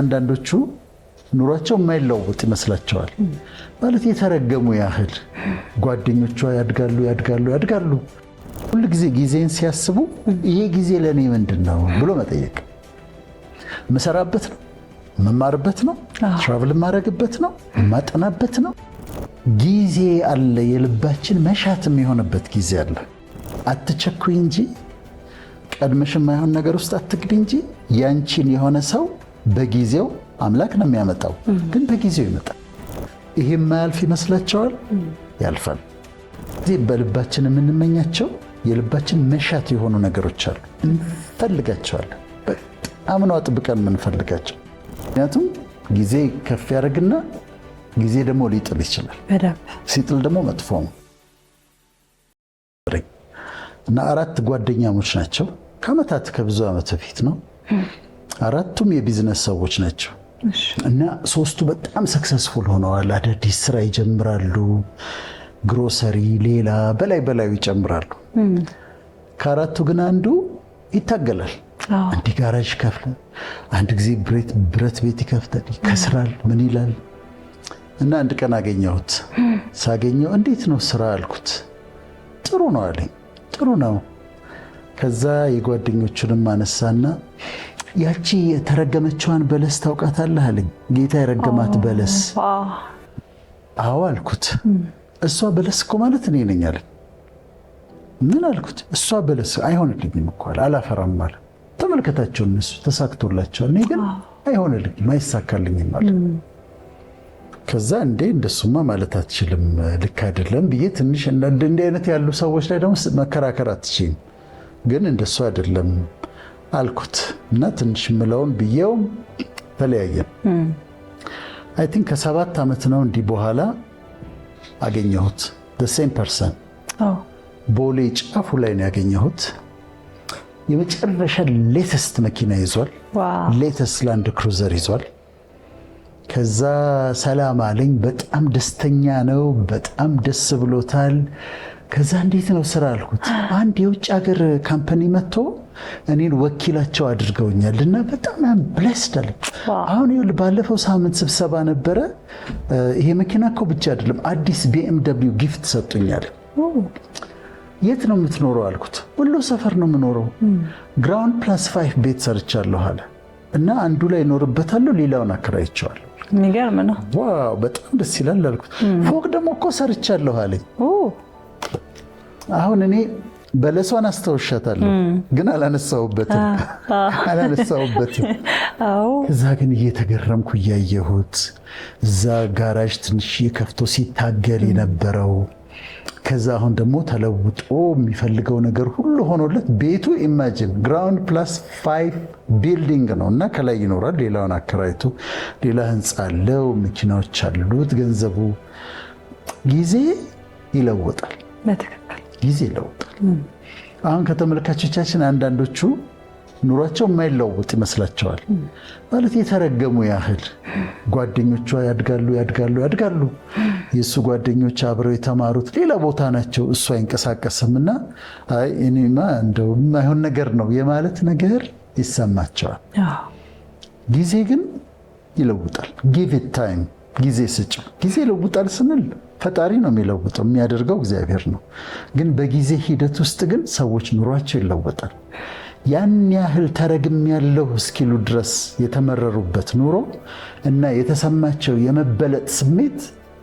አንዳንዶቹ ኑሯቸው የማይለወጥ ይመስላቸዋል። ማለት የተረገሙ ያህል ጓደኞቿ ያድጋሉ ያድጋሉ ያድጋሉ። ሁል ጊዜ ጊዜን ሲያስቡ ይሄ ጊዜ ለእኔ ምንድን ነው ብሎ መጠየቅ ምሰራበት ነው የምማርበት ነው ትራቭል የማደርግበት ነው የማጠናበት ነው ጊዜ አለ። የልባችን መሻት የሚሆንበት ጊዜ አለ። አትቸኩይ እንጂ ቀድመሽ የማይሆን ነገር ውስጥ አትግድ እንጂ ያንቺን የሆነ ሰው በጊዜው አምላክ ነው የሚያመጣው፣ ግን በጊዜው ይመጣል። ይሄ የማያልፍ ይመስላቸዋል፣ ያልፋል። እዚህ በልባችን የምንመኛቸው የልባችን መሻት የሆኑ ነገሮች አሉ፣ እንፈልጋቸዋለን። በጣም ነው አጥብቀን የምንፈልጋቸው። ምክንያቱም ጊዜ ከፍ ያደርግና ጊዜ ደግሞ ሊጥል ይችላል። ሲጥል ደግሞ መጥፎ ነው እና አራት ጓደኛሞች ናቸው። ከዓመታት ከብዙ ዓመት በፊት ነው አራቱም የቢዝነስ ሰዎች ናቸው እና ሶስቱ በጣም ሰክሰስፉል ሆነዋል። አዳዲስ ስራ ይጀምራሉ። ግሮሰሪ፣ ሌላ በላይ በላዩ ይጨምራሉ። ከአራቱ ግን አንዱ ይታገላል። አንድ ጋራጅ ከፍለ አንድ ጊዜ ብረት ቤት ይከፍታል፣ ይከስራል። ምን ይላል እና አንድ ቀን አገኘሁት። ሳገኘው እንዴት ነው ስራ አልኩት። ጥሩ ነው አለኝ። ጥሩ ነው። ከዛ የጓደኞቹንም አነሳና ያቺ የተረገመችዋን በለስ ታውቃታለህ አለኝ ጌታ። የረገማት በለስ አዎ አልኩት። እሷ በለስ እኮ ማለት እኔ ነኝ አለኝ። ምን አልኩት? እሷ በለስ አይሆንልኝም እኮ አለ። አላፈራም አለ። ተመልከታቸው፣ እነሱ ተሳክቶላቸው፣ እኔ ግን አይሆንልኝም፣ አይሳካልኝም አለ። ከዛ እንዴ እንደሱማ ማለት አትችልም፣ ልክ አይደለም ብዬ ትንሽ እንደ እንዲህ አይነት ያሉ ሰዎች ላይ ደግሞ መከራከር አትችም፣ ግን እንደሱ አይደለም አልኩት እና ትንሽ ምለውን ብዬውም ተለያየን። አይ ቲንክ ከሰባት ዓመት ነው እንዲህ በኋላ አገኘሁት። ሴም ፐርሰን ቦሌ ጫፉ ላይ ነው ያገኘሁት። የመጨረሻ ሌተስት መኪና ይዟል። ሌተስት ላንድ ክሩዘር ይዟል። ከዛ ሰላም አለኝ። በጣም ደስተኛ ነው። በጣም ደስ ብሎታል። ከዛ እንዴት ነው ስራ አልኩት። አንድ የውጭ ሀገር ካምፓኒ መጥቶ እኔን ወኪላቸው አድርገውኛል እና በጣም ብለስድ አለ። አሁን ባለፈው ሳምንት ስብሰባ ነበረ። ይሄ መኪና እኮ ብቻ አይደለም አዲስ ቢኤምደብሊው ጊፍት ሰጡኛል። የት ነው የምትኖረው አልኩት። ወሎ ሰፈር ነው የምኖረው፣ ግራውንድ ፕላስ ፋይቭ ቤት ሰርቻለሁ አለ እና አንዱ ላይ ይኖርበታሉ ሌላውን አከራይቼዋለሁ። የሚገርም ነው። ዋው በጣም ደስ ይላል አልኩት። ፎቅ ደግሞ እኮ ሰርቻለሁ አለኝ። አሁን እኔ በለሷን አስታውሻታለሁ፣ ግን አላነሳውበትም አላነሳሁበትም። እዛ ግን እየተገረምኩ እያየሁት እዛ ጋራዥ ትንሽ ከፍቶ ሲታገል የነበረው ከዛ አሁን ደግሞ ተለውጦ የሚፈልገው ነገር ሁሉ ሆኖለት ቤቱ ኢማጂን ግራውንድ ፕላስ ፋይቭ ቢልዲንግ ነው እና ከላይ ይኖራል። ሌላውን አከራይቶ ሌላ ህንፃ አለው፣ መኪናዎች አሉት፣ ገንዘቡ ጊዜ ይለወጣል። ጊዜ ይለውጣል። አሁን ከተመልካቾቻችን አንዳንዶቹ ኑሯቸው የማይለውጥ ይመስላቸዋል። ማለት የተረገሙ ያህል ጓደኞቿ ያድጋሉ ያድጋሉ ያድጋሉ። የእሱ ጓደኞች አብረው የተማሩት ሌላ ቦታ ናቸው። እሱ አይንቀሳቀስም እና እኔማ እንደው የማይሆን ነገር ነው የማለት ነገር ይሰማቸዋል። ጊዜ ግን ይለውጣል። ጊቭ ታይም ጊዜ ስጭ። ጊዜ ይለውጣል ስንል ፈጣሪ ነው የሚለውጠው፣ የሚያደርገው እግዚአብሔር ነው። ግን በጊዜ ሂደት ውስጥ ግን ሰዎች ኑሯቸው ይለወጣል። ያን ያህል ተረግም ያለው እስኪሉ ድረስ የተመረሩበት ኑሮ እና የተሰማቸው የመበለጥ ስሜት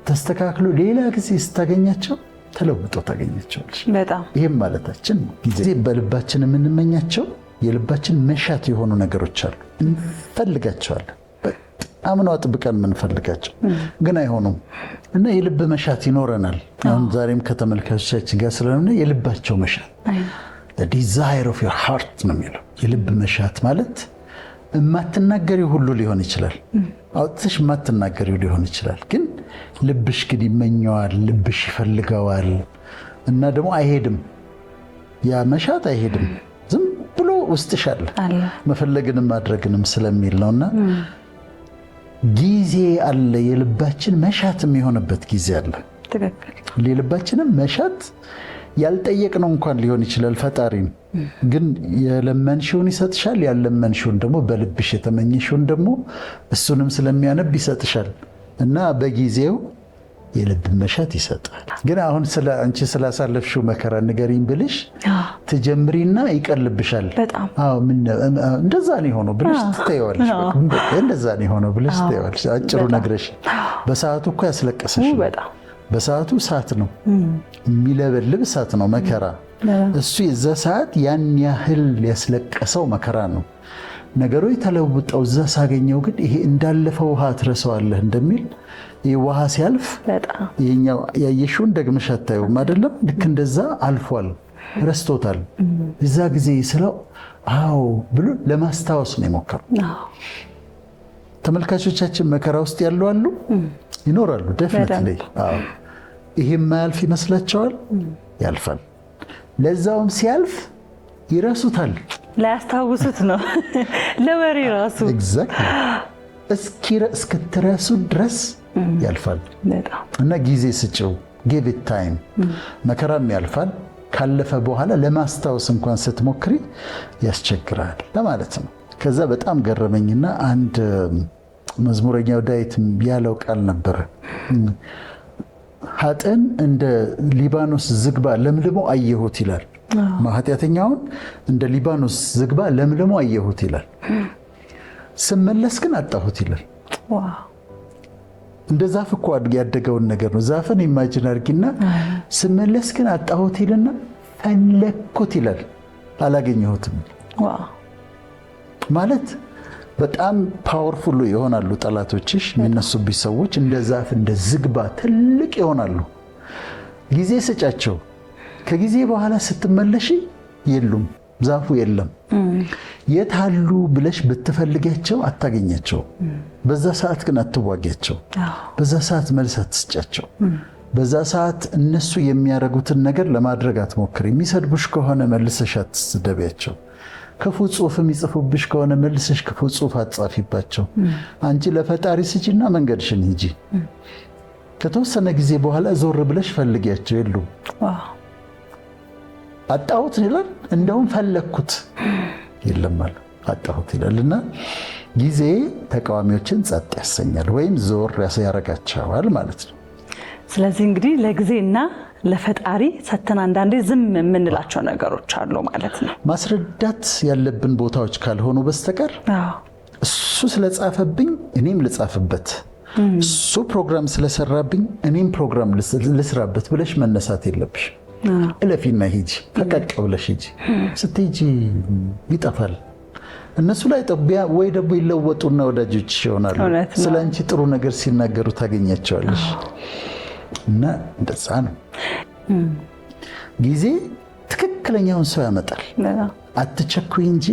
ተስተካክሎ ሌላ ጊዜ ስታገኛቸው ተለውጦ ታገኛቸዋለች። በጣም ይህም ማለታችን ነው። ጊዜ በልባችን የምንመኛቸው የልባችን መሻት የሆኑ ነገሮች አሉ፣ እንፈልጋቸዋለን አምኖ ጥብቀን የምንፈልጋቸው ግን አይሆኑም እና የልብ መሻት ይኖረናል። አሁን ዛሬም ከተመልካቾቻችን ጋር ስለሆነ የልባቸው መሻት ዲዛይር ኦፍ ዮር ሃርት ነው የሚለው። የልብ መሻት ማለት የማትናገሪው ሁሉ ሊሆን ይችላል፣ አውጥተሽ የማትናገሪው ሊሆን ይችላል። ግን ልብሽ ግን ይመኘዋል፣ ልብሽ ይፈልገዋል እና ደግሞ አይሄድም። ያ መሻት አይሄድም፣ ዝም ብሎ ውስጥሽ አለ መፈለግንም ማድረግንም ስለሚል እና። ጊዜ አለ። የልባችን መሻት የሚሆንበት ጊዜ አለ። የልባችንም መሻት ያልጠየቅነው እንኳን ሊሆን ይችላል። ፈጣሪን ግን የለመንሽውን ይሰጥሻል። ያለመንሽውን ደግሞ በልብሽ የተመኘሽውን ደግሞ እሱንም ስለሚያነብ ይሰጥሻል እና በጊዜው የልብ መሻት ይሰጣል። ግን አሁን አንቺ ስላሳለፍሽው መከራ ንገሪኝ ብልሽ ትጀምሪና ይቀልብሻል። እንደዛ ነው የሆነው ብልሽ ትተይዋለሽ። እንደዛ ነው የሆነው ብልሽ ትተይዋለሽ። አጭሩ ነግረሽ በሰዓቱ እኮ ያስለቀሰሽ በሰዓቱ እሳት ነው የሚለበልብ እሳት ነው መከራ። እሱ የዛ ሰዓት ያን ያህል ያስለቀሰው መከራ ነው ነገሮች ተለውጠው እዛ ሳገኘው ግን ይሄ እንዳለፈው ውሃ ትረሰዋለህ እንደሚል ይህ ውሃ ሲያልፍ የኛው ያየሽውን ደግመሽ አታየውም አይደለም ልክ እንደዛ አልፏል ረስቶታል እዛ ጊዜ ስለው አዎ ብሎ ለማስታወስ ነው የሞከሩ ተመልካቾቻችን መከራ ውስጥ ያሉ አሉ ይኖራሉ ደፍነት ይሄ የማያልፍ ይመስላቸዋል ያልፋል ለዛውም ሲያልፍ ይረሱታል ላያስታውሱት ነው ለወሬ ራሱ እስክትረሱ ድረስ ያልፋል እና ጊዜ ስጭው ጌቪት ታይም መከራም ያልፋል። ካለፈ በኋላ ለማስታወስ እንኳን ስትሞክሪ ያስቸግራል ለማለት ነው። ከዛ በጣም ገረመኝና አንድ መዝሙረኛው ዳዊት ያለው ቃል ነበረ ሀጥን እንደ ሊባኖስ ዝግባ ለምልሞ አየሁት ይላል ኃጢአተኛውን እንደ ሊባኖስ ዝግባ ለምልሞ አየሁት ይላል። ስመለስ ግን አጣሁት ይላል። እንደ ዛፍ እኮ ያደገውን ነገር ነው። ዛፍን ኢማጅን አድርጊና ስመለስ ግን አጣሁት ይልና ፈለግኩት ይላል፣ አላገኘሁትም። ማለት በጣም ፓወርፉል ይሆናሉ ጠላቶችሽ። የሚነሱብሽ ሰዎች እንደ ዛፍ እንደ ዝግባ ትልቅ ይሆናሉ። ጊዜ ስጫቸው። ከጊዜ በኋላ ስትመለሽ የሉም፣ ዛፉ የለም። የት አሉ ብለሽ ብትፈልጊያቸው አታገኛቸው። በዛ ሰዓት ግን አትዋጊያቸው። በዛ ሰዓት መልስ አትስጫቸው። በዛ ሰዓት እነሱ የሚያደርጉትን ነገር ለማድረግ አትሞክሪ። የሚሰድቡሽ ከሆነ መልሰሽ አትስደቢያቸው። ክፉ ጽሑፍ የሚጽፉብሽ ከሆነ መልሰሽ ክፉ ጽሑፍ አትጻፊባቸው። አንቺ ለፈጣሪ ስጪና መንገድሽን ሂጂ። ከተወሰነ ጊዜ በኋላ ዞር ብለሽ ፈልጊያቸው የሉም። አጣሁት ይላል። እንደውም ፈለግኩት ይለማል አጣሁት ይላልና ጊዜ ተቃዋሚዎችን ጸጥ ያሰኛል ወይም ዞር ያረጋቸዋል ማለት ነው። ስለዚህ እንግዲህ ለጊዜና ለፈጣሪ ሰተን አንዳንዴ ዝም የምንላቸው ነገሮች አሉ ማለት ነው። ማስረዳት ያለብን ቦታዎች ካልሆኑ በስተቀር እሱ ስለጻፈብኝ እኔም ልጻፍበት፣ እሱ ፕሮግራም ስለሰራብኝ እኔም ፕሮግራም ልስራበት ብለሽ መነሳት የለብሽ። እለፊና ሂጂ፣ ፈቀቅ ብለሽ ሂጂ። ስትሄጂ ይጠፋል። እነሱ ላይ ጠቢያ ወይ ደግሞ ይለወጡና ወዳጆች ይሆናሉ። ስለ አንቺ ጥሩ ነገር ሲናገሩ ታገኛቸዋለሽ። እና እንደዛ ነው። ጊዜ ትክክለኛውን ሰው ያመጣል። አትቸኩይ እንጂ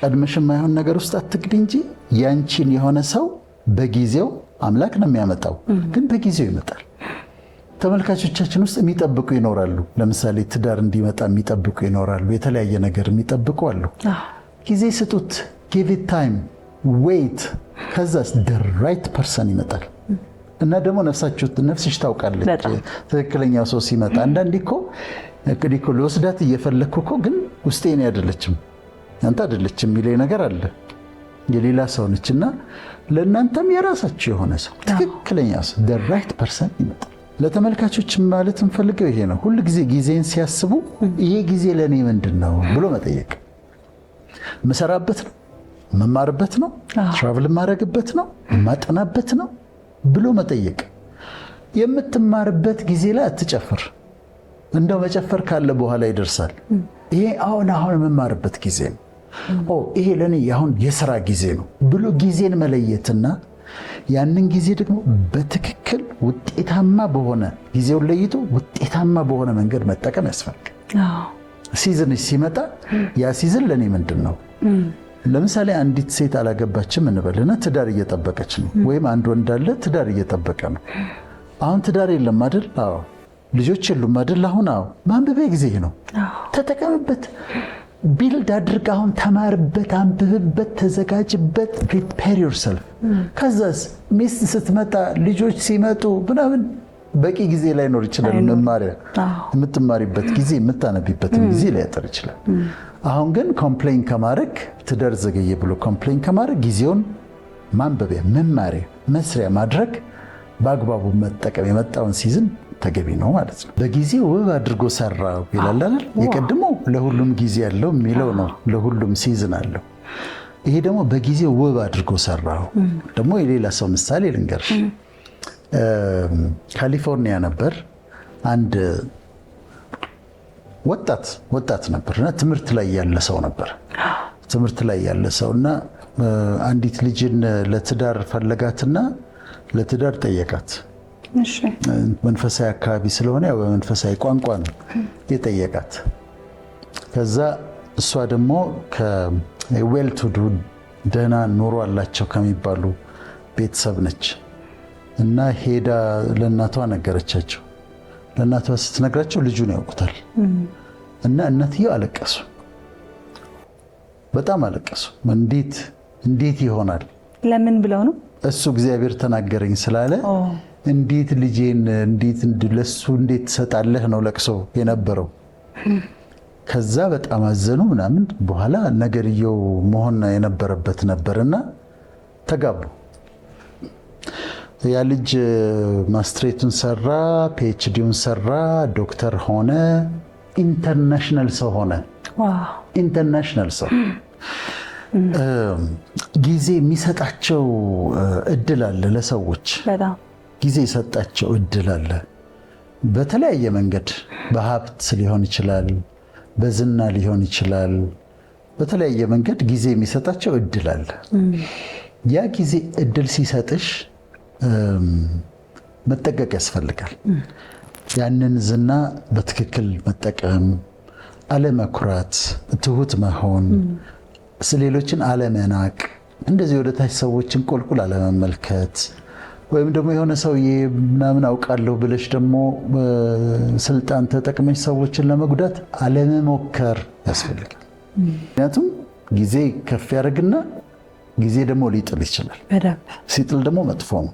ቀድመሽ የማይሆን ነገር ውስጥ አትግቢ እንጂ ያንቺን የሆነ ሰው በጊዜው አምላክ ነው የሚያመጣው፣ ግን በጊዜው ይመጣል። ተመልካቾቻችን ውስጥ የሚጠብቁ ይኖራሉ። ለምሳሌ ትዳር እንዲመጣ የሚጠብቁ ይኖራሉ። የተለያየ ነገር የሚጠብቁ አሉ። ጊዜ ስጡት። ጊቭ ኢት ታይም ዌይት። ከዛስ ራይት ፐርሰን ይመጣል። እና ደግሞ ነፍስሽ ታውቃለች ትክክለኛው ሰው ሲመጣ። አንዳንዴ እኮ እንግዲህ እኮ ለወስዳት እየፈለግኩ እኮ ግን ውስጤ እኔ አይደለችም አንተ አይደለችም የሚለኝ ነገር አለ። የሌላ ሰው ነች እና ለእናንተም የራሳችሁ የሆነ ሰው ትክክለኛ ሰው ራይት ፐርሰን ይመጣል። ለተመልካቾች ማለት እንፈልገው ይሄ ነው። ሁል ጊዜ ጊዜን ሲያስቡ ይሄ ጊዜ ለእኔ ምንድን ነው ብሎ መጠየቅ ምሰራበት ነው፣ መማርበት ነው፣ ትራቭል ማድረግበት ነው፣ ማጠናበት ነው ብሎ መጠየቅ። የምትማርበት ጊዜ ላይ አትጨፍር፣ እንደው መጨፈር ካለ በኋላ ይደርሳል። ይሄ አሁን አሁን የምማርበት ጊዜ ነው፣ ይሄ ለእኔ አሁን የስራ ጊዜ ነው ብሎ ጊዜን መለየትና ያንን ጊዜ ደግሞ በትክክል ውጤታማ በሆነ ጊዜውን ለይቶ ውጤታማ በሆነ መንገድ መጠቀም ያስፈልጋል። ሲዝን ሲመጣ ያ ሲዝን ለእኔ ምንድን ነው? ለምሳሌ አንዲት ሴት አላገባችም እንበልና ትዳር እየጠበቀች ነው፣ ወይም አንድ ወንድ አለ ትዳር እየጠበቀ ነው። አሁን ትዳር የለም አይደል? አዎ። ልጆች የሉም አይደል? አሁን አዎ። ማንበቢያ ጊዜ ነው፣ ተጠቀምበት። ቢልድ አድርግ። አሁን ተማርበት፣ አንብብበት፣ ተዘጋጅበት፣ ፕሪፔር ዩርሰልፍ። ከዛስ ሚስት ስትመጣ ልጆች ሲመጡ ምናምን በቂ ጊዜ ላይኖር ይችላል። መማሪያ የምትማሪበት ጊዜ የምታነቢበትም ጊዜ ሊያጠር ይችላል። አሁን ግን ኮምፕሌን ከማድረግ ትዳር ዘገየ ብሎ ኮምፕሌን ከማድረግ ጊዜውን ማንበቢያ፣ መማሪያ፣ መስሪያ ማድረግ በአግባቡ መጠቀም የመጣውን ሲዝን ተገቢ ነው ማለት ነው። በጊዜ ውብ አድርጎ ሰራው ይላል አይደል? የቀድሞ ለሁሉም ጊዜ ያለው የሚለው ነው። ለሁሉም ሲዝን አለው። ይሄ ደግሞ በጊዜ ውብ አድርጎ ሰራው። ደግሞ የሌላ ሰው ምሳሌ ልንገርሽ። ካሊፎርኒያ ነበር አንድ ወጣት ወጣት ነበር እና ትምህርት ላይ ያለ ሰው ነበር። ትምህርት ላይ ያለ ሰው እና አንዲት ልጅን ለትዳር ፈለጋትና ለትዳር ጠየቃት። መንፈሳዊ አካባቢ ስለሆነ ያው በመንፈሳዊ ቋንቋ ነው የጠየቃት። ከዛ እሷ ደግሞ ዌል ደህና ኑሮ አላቸው ከሚባሉ ቤተሰብ ነች እና ሄዳ ለእናቷ ነገረቻቸው። ለእናቷ ስትነግራቸው ልጁን ያውቁታል እና እናትየው አለቀሱ፣ በጣም አለቀሱ። እንዴት እንዴት ይሆናል? ለምን ብለው ነው እሱ እግዚአብሔር ተናገረኝ ስላለ እንዴት ልጄን እንዴት ለሱ እንዴት ትሰጣለህ ነው ለቅሶ የነበረው። ከዛ በጣም አዘኑ ምናምን። በኋላ ነገርየው መሆን የነበረበት ነበርና ተጋቡ። ያ ልጅ ማስትሬቱን ሰራ፣ ፒኤችዲውን ሰራ፣ ዶክተር ሆነ። ኢንተርናሽናል ሰው ሆነ። ኢንተርናሽናል ሰው ጊዜ የሚሰጣቸው እድል አለ ለሰዎች። ጊዜ የሰጣቸው እድል አለ። በተለያየ መንገድ በሀብት ሊሆን ይችላል፣ በዝና ሊሆን ይችላል። በተለያየ መንገድ ጊዜ የሚሰጣቸው እድል አለ። ያ ጊዜ እድል ሲሰጥሽ መጠቀቅ ያስፈልጋል። ያንን ዝና በትክክል መጠቀም፣ አለመኩራት፣ ትሁት መሆን፣ ሌሎችን አለመናቅ፣ እንደዚህ ወደታች ሰዎችን ቁልቁል አለመመልከት ወይም ደግሞ የሆነ ሰውዬ ምናምን አውቃለሁ ብለሽ ደግሞ ስልጣን ተጠቅመሽ ሰዎችን ለመጉዳት አለመሞከር ያስፈልጋል። ምክንያቱም ጊዜ ከፍ ያደርግና ጊዜ ደግሞ ሊጥል ይችላል። ሲጥል ደግሞ መጥፎ ነው።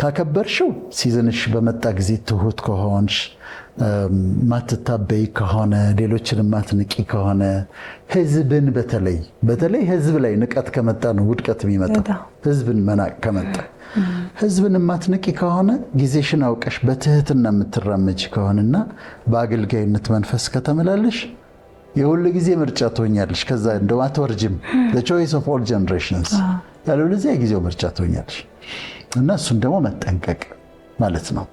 ካከበርሽው ሲዝንሽ በመጣ ጊዜ ትሁት ከሆንሽ፣ ማትታበይ ከሆነ፣ ሌሎችን ማትንቂ ከሆነ፣ ህዝብን በተለይ በተለይ ህዝብ ላይ ንቀት ከመጣ ነው ውድቀት የሚመጣ ህዝብን መናቅ ከመጣ ህዝብን ማትንቂ ከሆነ ጊዜሽን አውቀሽ በትህትና የምትራመጅ ከሆነና በአገልጋይነት መንፈስ ከተመላለሽ የሁሉ ጊዜ ምርጫ ትሆኛለሽ። ከዛ እንደውም አትወርጅም። ቾይስ ኦፍ ኦል ጀነሬሽንስ ያለበለዚያ ጊዜው ምርጫ ትሆኛለሽ እና እሱን ደግሞ መጠንቀቅ ማለት ነው።